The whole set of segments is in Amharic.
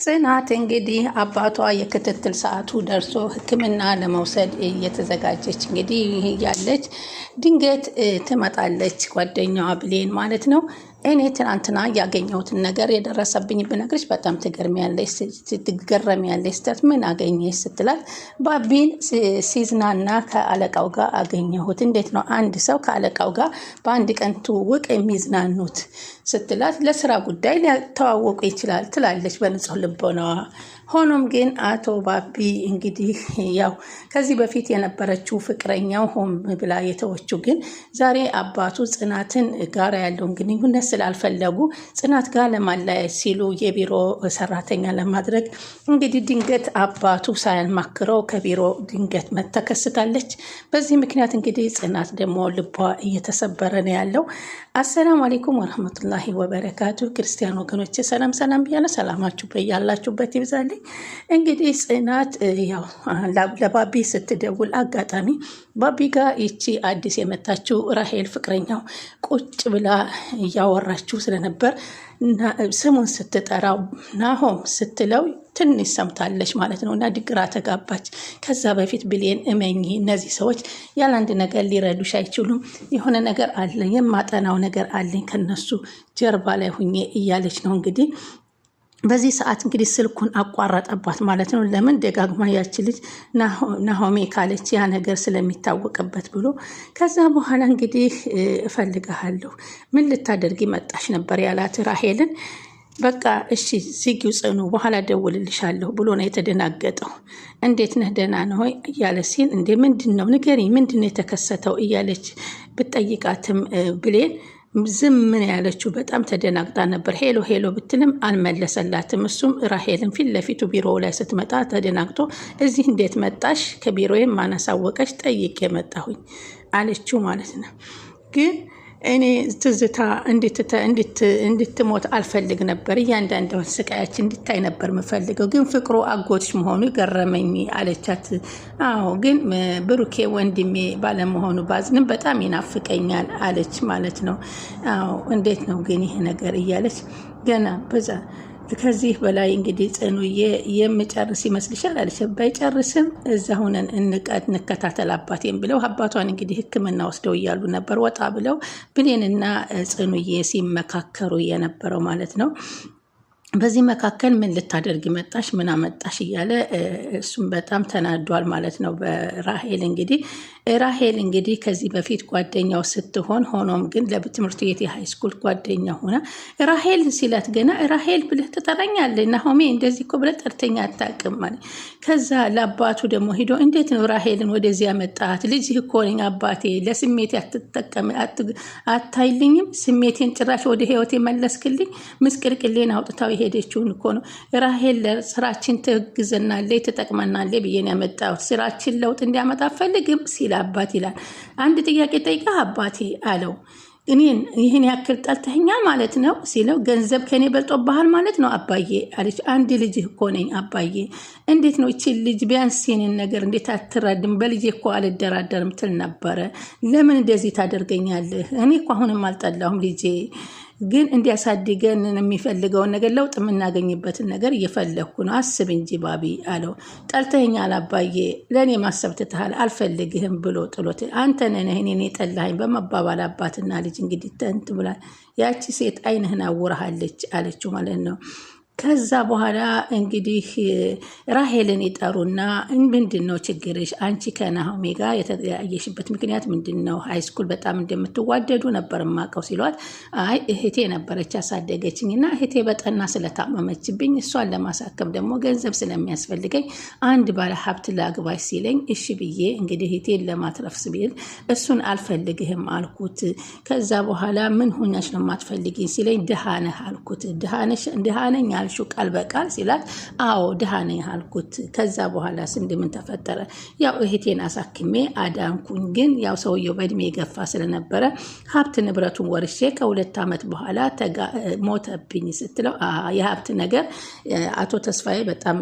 ጽናት እንግዲህ አባቷ የክትትል ሰዓቱ ደርሶ ሕክምና ለመውሰድ እየተዘጋጀች እንግዲህ እያለች ድንገት ትመጣለች ጓደኛዋ ብሌን ማለት ነው። እኔ ትናንትና ያገኘሁትን ነገር የደረሰብኝ ብነግርሽ በጣም ትገርሚያለሽ ትገረሚያለሽ ስተት ምን አገኘሽ ስትላት ባቢን ሲዝናና ከአለቃው ጋር አገኘሁት እንዴት ነው አንድ ሰው ከአለቃው ጋር በአንድ ቀን ትውውቅ የሚዝናኑት ስትላት ለስራ ጉዳይ ሊተዋወቁ ይችላል ትላለች በንጹህ ልቦናዋ ሆኖም ግን አቶ ባቢ እንግዲህ ያው ከዚህ በፊት የነበረችው ፍቅረኛው ሆም ብላ የተወችው ግን ዛሬ አባቱ ጽናትን ጋር ያለውን ግንኙነት ስላልፈለጉ ጽናት ጋር ለማለያየት ሲሉ የቢሮ ሰራተኛ ለማድረግ እንግዲህ ድንገት አባቱ ሳያማክረው ከቢሮ ድንገት መተከስታለች። በዚህ ምክንያት እንግዲህ ጽናት ደግሞ ልቧ እየተሰበረ ነው ያለው። አሰላሙ አሌይኩም ወረህመቱላሂ ወበረካቱ ክርስቲያን ወገኖች ሰላም ሰላም ብያለ። ሰላማችሁ በያላችሁበት ይብዛልኝ። እንግዲህ ጽናት ያው ለባቢ ስትደውል አጋጣሚ ባቢ ጋር ይቺ አዲስ የመታችው ራሄል ፍቅረኛው ቁጭ ብላ እያወራችው ስለነበር ስሙን ስትጠራው ናሆም ስትለው ትንሽ ሰምታለች ማለት ነው። እና ድግራ ተጋባች። ከዛ በፊት ብሌን እመኝ እነዚህ ሰዎች ያለ አንድ ነገር ሊረዱሽ አይችሉም። የሆነ ነገር አለ፣ የማጠናው ነገር አለኝ ከነሱ ጀርባ ላይ ሁኜ እያለች ነው እንግዲህ በዚህ ሰዓት እንግዲህ ስልኩን አቋረጠባት ማለት ነው። ለምን ደጋግማ ያች ልጅ ናሆሜ ካለች ያ ነገር ስለሚታወቅበት ብሎ ከዛ በኋላ እንግዲህ እፈልግሃለሁ ምን ልታደርጊ መጣሽ ነበር ያላት ራሄልን። በቃ እሺ ዝጊው ጽኑ፣ በኋላ ደውልልሻለሁ ብሎ ነው የተደናገጠው። እንዴት ነህ ደህና ነው እያለ ሲል እንዴ ምንድን ነው ንገሪ፣ ምንድን ነው የተከሰተው እያለች ብጠይቃትም ብሌን ዝም ምን ያለችው በጣም ተደናግጣ ነበር። ሄሎ ሄሎ ብትልም አልመለሰላትም። እሱም ራሄልን ፊት ለፊቱ ቢሮው ላይ ስትመጣ ተደናግጦ እዚህ እንዴት መጣሽ? ከቢሮዬም ማናሳወቀሽ ጠይቄ መጣሁኝ አለችው ማለት ነው ግን እኔ ትዝታ እንድትሞት አልፈልግ ነበር። እያንዳንዷን ስቃያች እንድታይ ነበር የምፈልገው፣ ግን ፍቅሩ አጎትሽ መሆኑ ገረመኝ አለቻት። አዎ ግን ብሩኬ ወንድሜ ባለመሆኑ ባዝንም በጣም ይናፍቀኛል አለች ማለት ነው። አዎ እንዴት ነው ግን ይሄ ነገር እያለች ገና በዛ ከዚህ በላይ እንግዲህ ጽኑዬ የምጨርስ ይመስልሻል አለች። ባይጨርስም እዛ ሁነን እንከታተል አባቴም ብለው አባቷን እንግዲህ ሕክምና ወስደው እያሉ ነበር ወጣ ብለው ብሌንና ጽኑዬ ሲመካከሩ የነበረው ማለት ነው። በዚህ መካከል ምን ልታደርግ መጣሽ? ምን አመጣሽ? እያለ እሱም በጣም ተናዷል ማለት ነው። በራሄል እንግዲህ ራሄል እንግዲህ ከዚህ በፊት ጓደኛው ስትሆን ሆኖም ግን ለትምህርት ቤት የሃይስኩል ጓደኛ ሆና ራሄል ሲለት ገና ራሄል ብለህ ትጠራኛለህ ናሆሜ እንደዚህ እኮ ብለህ ጠርተኛ አታውቅም አለ። ከዛ ለአባቱ ደግሞ ሂዶ እንዴት ነው ራሄልን ወደዚህ ያመጣት? ልጅህ እኮ ነኝ አባቴ፣ ለስሜቴ አትጠቀም አታይልኝም? ስሜቴን ጭራሽ ወደ ህይወቴ መለስክልኝ፣ ምስቅልቅሌን አውጥታዊ የሄደችውን እኮ ነው ራሄል ስራችን ትግዘናለች፣ ትጠቅመናለች ብዬን ያመጣው ስራችን ለውጥ እንዲያመጣ ፈልግም ሲል አባት ይላል። አንድ ጥያቄ ጠይቃ አባቴ አለው እኔን ይህን ያክል ጠልተኛ ማለት ነው ሲለው፣ ገንዘብ ከኔ በልጦብሃል ማለት ነው አባዬ አለች። አንድ ልጅ እኮ ነኝ አባዬ፣ እንዴት ነው ይቺ ልጅ ቢያንስ ነገር እንዴት አትረድም? በልጅ እኮ አልደራደርም ትል ነበረ። ለምን እንደዚህ ታደርገኛለህ? እኔ እኮ አሁንም አልጠላሁም ልጄ ግን እንዲያሳድገን የሚፈልገውን ነገር ለውጥ የምናገኝበትን ነገር እየፈለግኩ ነው። አስብ እንጂ ባቢ አለው። ጠልተኸኛል አባዬ፣ ለእኔ ማሰብ ትተሃል፣ አልፈልግህም ብሎ ጥሎት አንተ ነህ እኔን የጠላኸኝ በመባባል አባትና ልጅ እንግዲህ ተንት ብላል። ያቺ ሴት አይንህን አውረሃለች አለችው ማለት ነው። ከዛ በኋላ እንግዲህ ራሄልን ይጠሩና ምንድን ነው ችግርሽ? አንቺ ከናሆሜ ጋር የተለያየሽበት ምክንያት ምንድን ነው? ሃይስኩል በጣም እንደምትዋደዱ ነበር ማቀው ሲሏት፣ አይ እህቴ ነበረች ያሳደገችኝ እና እህቴ በጠና ስለታመመችብኝ እሷን ለማሳከም ደግሞ ገንዘብ ስለሚያስፈልገኝ አንድ ባለ ሀብት ላግባሽ ሲለኝ እሺ ብዬ እንግዲህ እህቴን ለማትረፍ ስቢል እሱን አልፈልግህም አልኩት። ከዛ በኋላ ምን ሆኛሽ ነው የማትፈልጊኝ ሲለኝ ድሃ ነህ አልኩት። ድሃ ነኝ ያልሽው ቃል በቃል ሲላት፣ አዎ ድሃ ነኝ አልኩት። ከዛ በኋላ ምን ተፈጠረ? ያው እህቴን አሳክሜ አዳንኩኝ። ግን ያው ሰውየው በእድሜ የገፋ ስለነበረ ሀብት ንብረቱን ወርሼ ከሁለት ዓመት በኋላ ሞተብኝ ስትለው የሀብት ነገር አቶ ተስፋዬ በጣም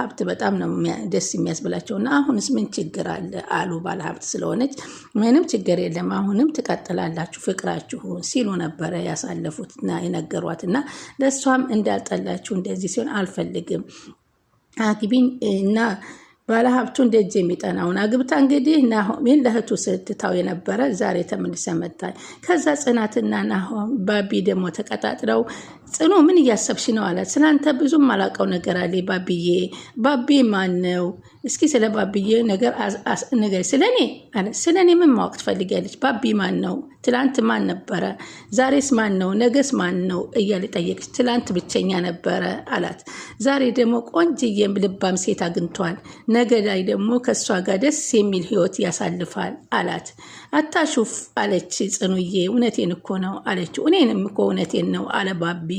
ሀብት በጣም ነው ደስ የሚያስብላቸው እና አሁንስ ምን ችግር አለ አሉ። ባለ ሀብት ስለሆነች ምንም ችግር የለም አሁንም ትቀጥላላችሁ ፍቅራችሁ ሲሉ ነበረ ያሳለፉትና የነገሯት እና ለእሷም እንዳልጠ ታውቃላችሁ፣ እንደዚህ ሲሆን አልፈልግም አግቢኝ እና ባለሀብቱ ደጅ የሚጠናውን አግብታ እንግዲህ ናሆሜን ለእህቱ ስትታው የነበረ ዛሬ ተመልሰ መጣች። ከዛ ጽናትና ናሆም ባቢ ደግሞ ተቀጣጥረው ጽኑ ምን እያሰብሽ ነው አላት። ስለአንተ ብዙም አላውቀው ነገር አለ ባብዬ። ባቢ ማን ነው? እስኪ ስለ ባብዬ ነገር ነገር ስለ እኔ ስለ እኔ ምን ማወቅ ትፈልጊያለች? ባቢ ማን ነው ትላንት ማን ነበረ? ዛሬስ ማን ነው? ነገስ ማን ነው? እያለ ጠየቀች። ትላንት ብቸኛ ነበረ አላት። ዛሬ ደግሞ ቆንጅዬም ልባም ሴት አግኝቷል። ነገ ላይ ደግሞ ከእሷ ጋር ደስ የሚል ህይወት ያሳልፋል አላት። አታሹፍ አለች ጽኑዬ። እውነቴን እኮ ነው አለችው። እኔንም እኮ እውነቴን ነው አለ ባቢ።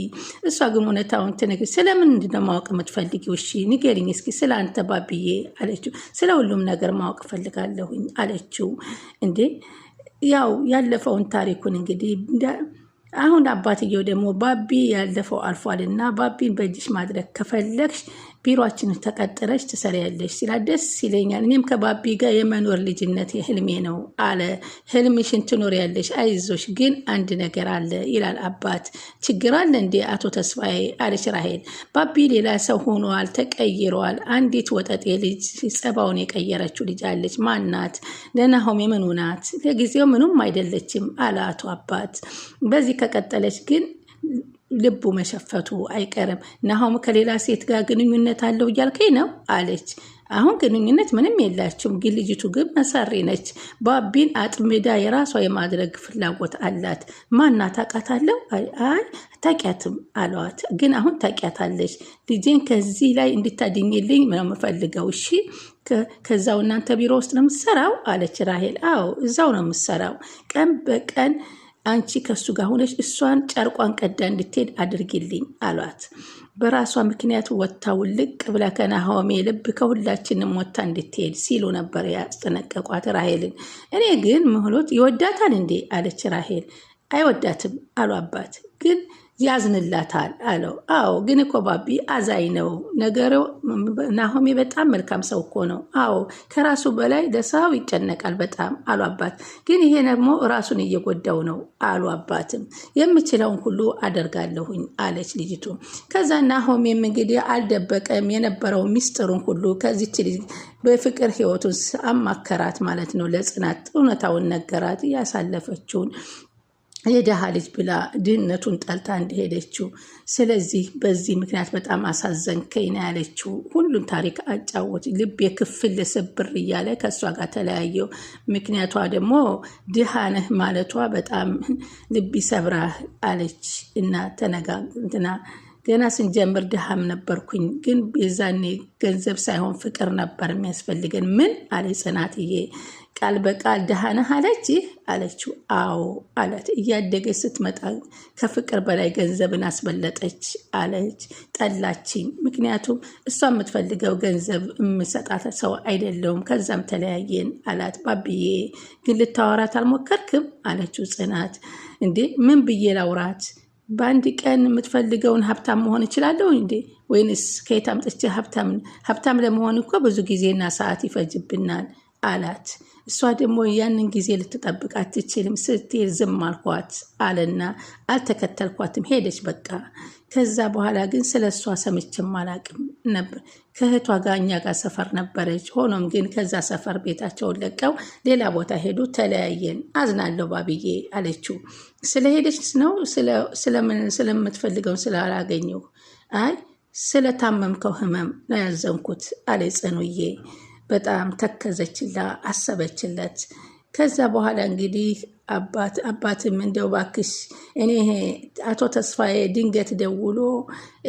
እሷ ግን እውነታውን ትነግሪኝ። ስለምንድን ነው ማወቅ የምትፈልጊው? እሺ ንገሪኝ እስኪ ስለ አንተ ባቢዬ አለችው። ስለ ሁሉም ነገር ማወቅ እፈልጋለሁኝ አለችው። እንዴ ያው ያለፈውን ታሪኩን እንግዲህ አሁን አባትየው ደግሞ ባቢ ያለፈው እና ባቢን በእጅሽ ማድረግ ከፈለግሽ ቢሮችን ተቀጥረች ትሰሪያለች ሲላ ደስ ይለኛል። እኔም ከባቢ ጋር የመኖር ልጅነት ህልሜ ነው አለ። ህልምሽን ትኖሪያለሽ፣ አይዞሽ፣ ግን አንድ ነገር አለ ይላል አባት። ችግር አለ እንዴ አቶ ተስፋዬ አለች ራሄል። ባቢ ሌላ ሰው ሆኗል፣ ተቀይሯል። አንዲት ወጠጤ ልጅ ጸባውን የቀየረችው ልጅ አለች። ማናት? ለናሆም የምኑ ናት? ለጊዜው ምኑም አይደለችም አለ አቶ አባት። በዚህ ከቀጠለች ግን ልቡ መሸፈቱ አይቀርም። ናሆም ከሌላ ሴት ጋር ግንኙነት አለው እያልከኝ ነው አለች። አሁን ግንኙነት ምንም የላችሁም፣ ግን ልጅቱ ግን መሰሪ ነች። ባቢን አጥምዳ የራሷ የማድረግ ፍላጎት አላት። ማና አለው። አይ ታቂያትም አለዋት። ግን አሁን ታውቂያታለች። ልጄን ከዚህ ላይ እንድታድኝልኝ ነው የምፈልገው። እሺ ከዛው እናንተ ቢሮ ውስጥ ነው የምትሰራው አለች ራሄል። አዎ እዛው ነው የምትሰራው ቀን በቀን አንቺ ከሱ ጋር ሆነች እሷን ጨርቋን ቀዳ እንድትሄድ አድርጊልኝ አሏት። በራሷ ምክንያት ወታ ውልቅ ብላ ከናሆሜ ልብ ከሁላችንም ወታ እንድትሄድ ሲሉ ነበር ያስጠነቀቋት ራሄልን። እኔ ግን ምህሎት ይወዳታል እንዴ አለች ራሄል። አይወዳትም አሉ አባት ግን ያዝንላታል አለው። አዎ ግን እኮ ባቢ አዛኝ ነው ነገሩ። ናሆሜ በጣም መልካም ሰው እኮ ነው። አዎ ከራሱ በላይ ለሰው ይጨነቃል በጣም አሉ አባት። ግን ይሄ ደግሞ ራሱን እየጎዳው ነው አሉ አባትም። የምችለውን ሁሉ አደርጋለሁኝ አለች ልጅቱ። ከዛ ናሆሜም እንግዲህ አልደበቀም የነበረው ሚስጥሩን ሁሉ ከዚች ልጅ በፍቅር ህይወቱን አማከራት ማለት ነው። ለጽናት እውነታውን ነገራት፣ ያሳለፈችውን የድሃ ልጅ ብላ ድህነቱን ጠልታ እንደሄደችው። ስለዚህ በዚህ ምክንያት በጣም አሳዘንከኝ ነው ያለችው። ሁሉን ታሪክ አጫወች። ልቤ ክፍል ስብር እያለ ከእሷ ጋር ተለያየው። ምክንያቷ ደግሞ ድሃ ነህ ማለቷ በጣም ልብ ይሰብራህ አለች እና ተነጋግና ገና ስንጀምር ድሃም ነበርኩኝ፣ ግን የዛኔ ገንዘብ ሳይሆን ፍቅር ነበር የሚያስፈልገን። ምን አለ ጽናትዬ? ቃል በቃል ድሃ ነህ አለች ይህ አለችው። አዎ አላት። እያደገች ስትመጣ ከፍቅር በላይ ገንዘብን አስበለጠች አለች። ጠላችኝ። ምክንያቱም እሷ የምትፈልገው ገንዘብ የምሰጣት ሰው አይደለውም። ከዛም ተለያየን አላት። ባብዬ ግን ልታወራት አልሞከርክም አለችው ጽናት። እንዴ ምን ብዬ ላውራት? በአንድ ቀን የምትፈልገውን ሀብታም መሆን እችላለሁ እንዴ? ወይንስ ከየት አምጥቼ ሀብታም ለመሆን እኮ ብዙ ጊዜና ሰዓት ይፈጅብናል አላት። እሷ ደግሞ ያንን ጊዜ ልትጠብቅ አትችልም ስትል ዝም አልኳት አለና አልተከተልኳትም፣ ሄደች በቃ። ከዛ በኋላ ግን ስለ እሷ ሰምችም አላቅም ነበር። ከእህቷ ጋር እኛ ጋር ሰፈር ነበረች። ሆኖም ግን ከዛ ሰፈር ቤታቸውን ለቀው ሌላ ቦታ ሄዱ፣ ተለያየን። አዝናለሁ ባብዬ አለችው። ስለሄደች ነው ስለምትፈልገው ስላላገኘሁ፣ አይ ስለታመምከው ህመም ነው ያዘንኩት አለ ጽኑዬ። በጣም ተከዘችላ አሰበችለት። ከዛ በኋላ እንግዲህ አባት አባትም እንደው ባክሽ እኔ አቶ ተስፋዬ ድንገት ደውሎ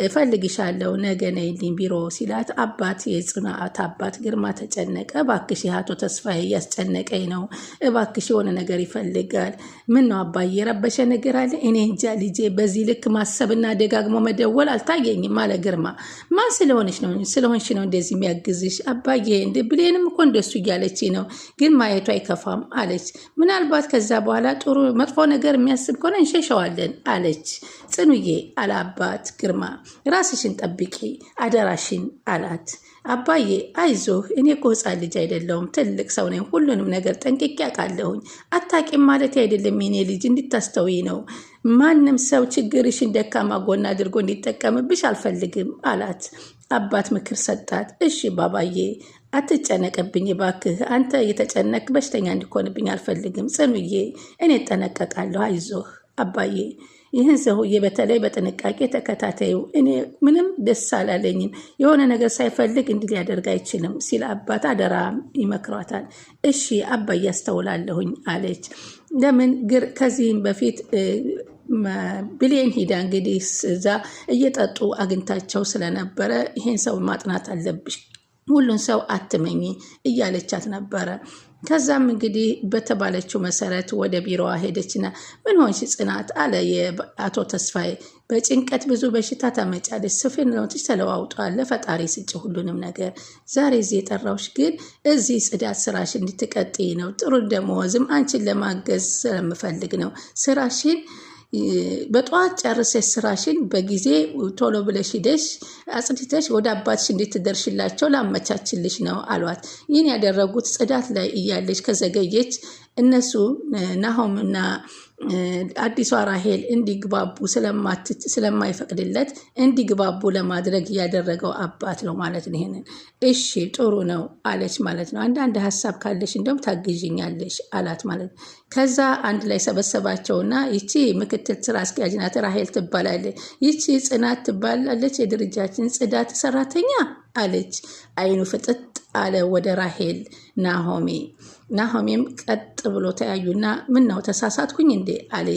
እፈልግሻለሁ ነገ ነይልኝ ቢሮ ሲላት አባት የጽናት አባት ግርማ ተጨነቀ። ባክሽ አቶ ተስፋዬ እያስጨነቀኝ ነው፣ እባክሽ የሆነ ነገር ይፈልጋል። ምን ነው አባዬ የረበሸ ነገር አለ? እኔ እንጃ ልጄ፣ በዚህ ልክ ማሰብና ደጋግሞ መደወል አልታየኝም አለ ግርማ። ማን ስለሆነች ነው ስለሆንሽ ነው እንደዚህ የሚያግዝሽ አባዬ? እንደ ብሌንም እኮ እንደሱ እያለች ነው፣ ግን ማየቱ አይከፋም አለች። ምናልባት ከዛ በኋላ ጥሩ መጥፎ ነገር የሚያስብ ከሆነ እንሸሸዋለን አለች ጽኑዬ። አለአባት ግርማ ራስሽን ጠብቂ አደራሽን አላት። አባዬ አይዞህ፣ እኔ እኮ ልጅ አይደለሁም፣ ትልቅ ሰው ነኝ። ሁሉንም ነገር ጠንቅቄ አውቃለሁኝ። አታቂም ማለት አይደለም የኔ ልጅ፣ እንድታስተውይ ነው። ማንም ሰው ችግርሽን ደካማ ጎና አድርጎ እንዲጠቀምብሽ አልፈልግም አላት። አባት ምክር ሰጣት። እሺ ባባዬ አትጨነቅብኝ ባክህ። አንተ እየተጨነቅ በሽተኛ እንዲኮንብኝ አልፈልግም። ጽኑዬ፣ እኔ እጠነቀቃለሁ። አይዞህ አባዬ። ይህን ሰውዬ በተለይ በጥንቃቄ ተከታተዩ። እኔ ምንም ደስ አላለኝም። የሆነ ነገር ሳይፈልግ እንዲህ ሊያደርግ አይችልም ሲል አባት አደራ ይመክሯታል። እሺ አባዬ አስተውላለሁኝ አለች። ለምን ግር ከዚህም በፊት ብሌን ሂዳ እንግዲህ እዛ እየጠጡ አግኝታቸው ስለነበረ ይህን ሰው ማጥናት አለብሽ ሁሉን ሰው አትመኝ እያለቻት ነበረ። ከዛም እንግዲህ በተባለችው መሰረት ወደ ቢሮዋ ሄደችና ምን ሆንሽ ጽናት አለ የአቶ ተስፋዬ። በጭንቀት ብዙ በሽታ ታመጫለች። ስፍራሽ ተለዋውጧል። ለፈጣሪ ስጭ ሁሉንም ነገር። ዛሬ እዚህ የጠራውሽ ግን እዚህ ጽዳት ስራሽ እንድትቀጥይ ነው። ጥሩ ደመወዝም አንቺን ለማገዝ ስለምፈልግ ነው ስራሽን በጠዋት ጨርሰሽ ስራሽን በጊዜ ቶሎ ብለሽ ሂደሽ አጽድተሽ ወደ አባትሽ እንድትደርሽላቸው ላመቻችልሽ ነው አሏት። ይህን ያደረጉት ጽዳት ላይ እያለች ከዘገየች እነሱ ናሆም እና አዲሷ ራሄል እንዲግባቡ ስለማይፈቅድለት እንዲግባቡ ለማድረግ ያደረገው አባት ነው ማለት ነው። ይሄንን እሺ ጥሩ ነው አለች ማለት ነው። አንዳንድ ሀሳብ ካለሽ እንደውም ታግዥኛለሽ አላት ማለት ነው። ከዛ አንድ ላይ ሰበሰባቸውና ይቺ ምክትል ስራ አስኪያጅ ናት ራሄል ትባላለች። ይቺ ጽናት ትባላለች፣ የድርጃችን ጽዳት ሰራተኛ አለች። አይኑ ፍጥጥ አለ ወደ ራሄል ናሆሜ። ናሆሜም ቀጥ ብሎ ተያዩና ነው ተሳሳትኩኝ እንዴ አለ።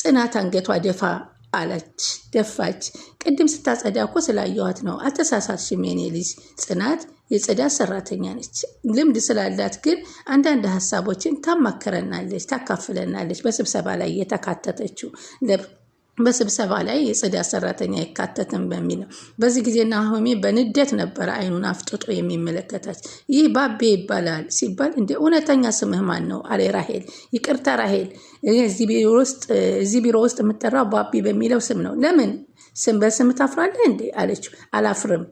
ጽናት አንገቷ ደፋ አለች ደፋች። ቅድም ስታጸዳ እኮ ስላየኋት ነው። አልተሳሳትሽም የኔ ልጅ። ጽናት የጽዳት ሰራተኛ ነች። ልምድ ስላላት ግን አንዳንድ ሀሳቦችን ታማክረናለች፣ ታካፍለናለች። በስብሰባ ላይ እየተካተተችው በስብሰባ ላይ የጽዳት ሰራተኛ አይካተትም በሚል ነው። በዚህ ጊዜ ናሆሜ በንደት ነበረ አይኑን አፍጥጦ የሚመለከታት። ይህ ባቤ ይባላል ሲባል እንደ እውነተኛ ስምህ ማን ነው አለ ራሄል። ይቅርታ ራሄል፣ እዚህ ቢሮ ውስጥ የምጠራው ባቤ በሚለው ስም ነው። ለምን ስም በስም ታፍራለህ እንዴ አለችው። አላፍርም፣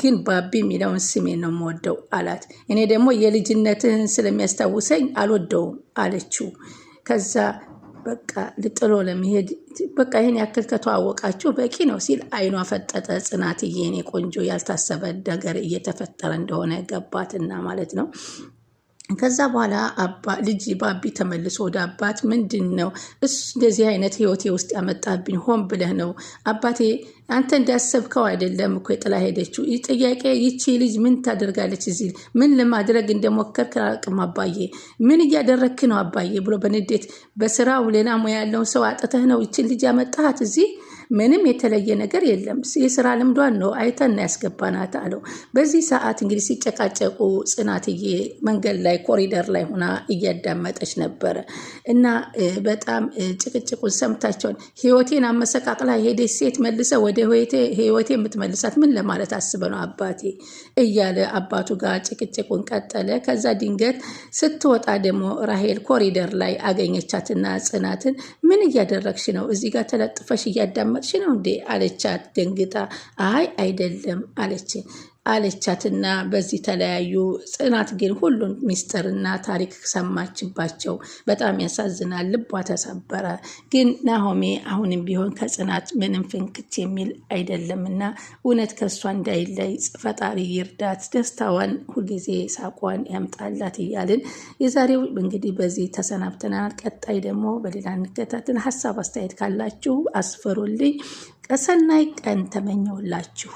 ግን ባቢ የሚለውን ስሜ ነው የምወደው አላት። እኔ ደግሞ የልጅነትህን ስለሚያስታውሰኝ አልወደውም አለችው። ከዛ በቃ ልጥሎ ለመሄድ በቃ ይህን ያክል ከተዋወቃችሁ በቂ ነው ሲል አይኗ ፈጠጠ። ጽናትዬ የኔ ቆንጆ ያልታሰበ ነገር እየተፈጠረ እንደሆነ ገባትና ማለት ነው። ከዛ በኋላ ልጅ ባቢ ተመልሶ ወደ አባት ምንድን ነው እሱ እንደዚህ አይነት ህይወቴ ውስጥ ያመጣብኝ ሆን ብለህ ነው አባቴ አንተ እንዳሰብከው አይደለም እኮ ጥላ ሄደችው። ይህ ጥያቄ ይቺ ልጅ ምን ታደርጋለች እዚህ ምን ለማድረግ እንደሞከር ከአቅም አባዬ ምን እያደረግክ ነው አባዬ ብሎ በንዴት በስራው ሌላ ሙያ ያለውን ሰው አጥተህ ነው ይችን ልጅ ያመጣሃት እዚህ ምንም የተለየ ነገር የለም፣ የስራ ልምዷን ነው አይተን ያስገባናት አለው። በዚህ ሰዓት እንግዲህ ሲጨቃጨቁ ጽናትዬ መንገድ ላይ ኮሪደር ላይ ሆና እያዳመጠች ነበረ እና በጣም ጭቅጭቁን ሰምታቸውን ህይወቴን አመሰቃቅላ ሄደች ሴት መልሰ ወደ ህይወቴ የምትመልሳት ምን ለማለት አስበ ነው አባቴ እያለ አባቱ ጋር ጭቅጭቁን ቀጠለ። ከዛ ድንገት ስትወጣ ደግሞ ራሄል ኮሪደር ላይ አገኘቻትና ጽናትን ምን እያደረግሽ ነው እዚህ ጋር ተለጥፈሽ እያዳመ እያወቅሽ ነው እንዴ አለቻት ደንግጣ። አይ አይደለም አለች። አለቻትና በዚህ ተለያዩ። ጽናት ግን ሁሉን ሚስጥርና ታሪክ ሰማችባቸው። በጣም ያሳዝናል፣ ልቧ ተሰበረ። ግን ናሆሜ አሁንም ቢሆን ከጽናት ምንም ፍንክት የሚል አይደለምና እውነት ከእሷ እንዳይለይ ፈጣሪ ይርዳት፣ ደስታዋን ሁልጊዜ ሳቋን ያምጣላት እያልን የዛሬው እንግዲህ በዚህ ተሰናብተናል። ቀጣይ ደግሞ በሌላ እንከታተል። ሀሳብ አስተያየት ካላችሁ አስፈሩልኝ። ቀሰናይ ቀን ተመኘውላችሁ።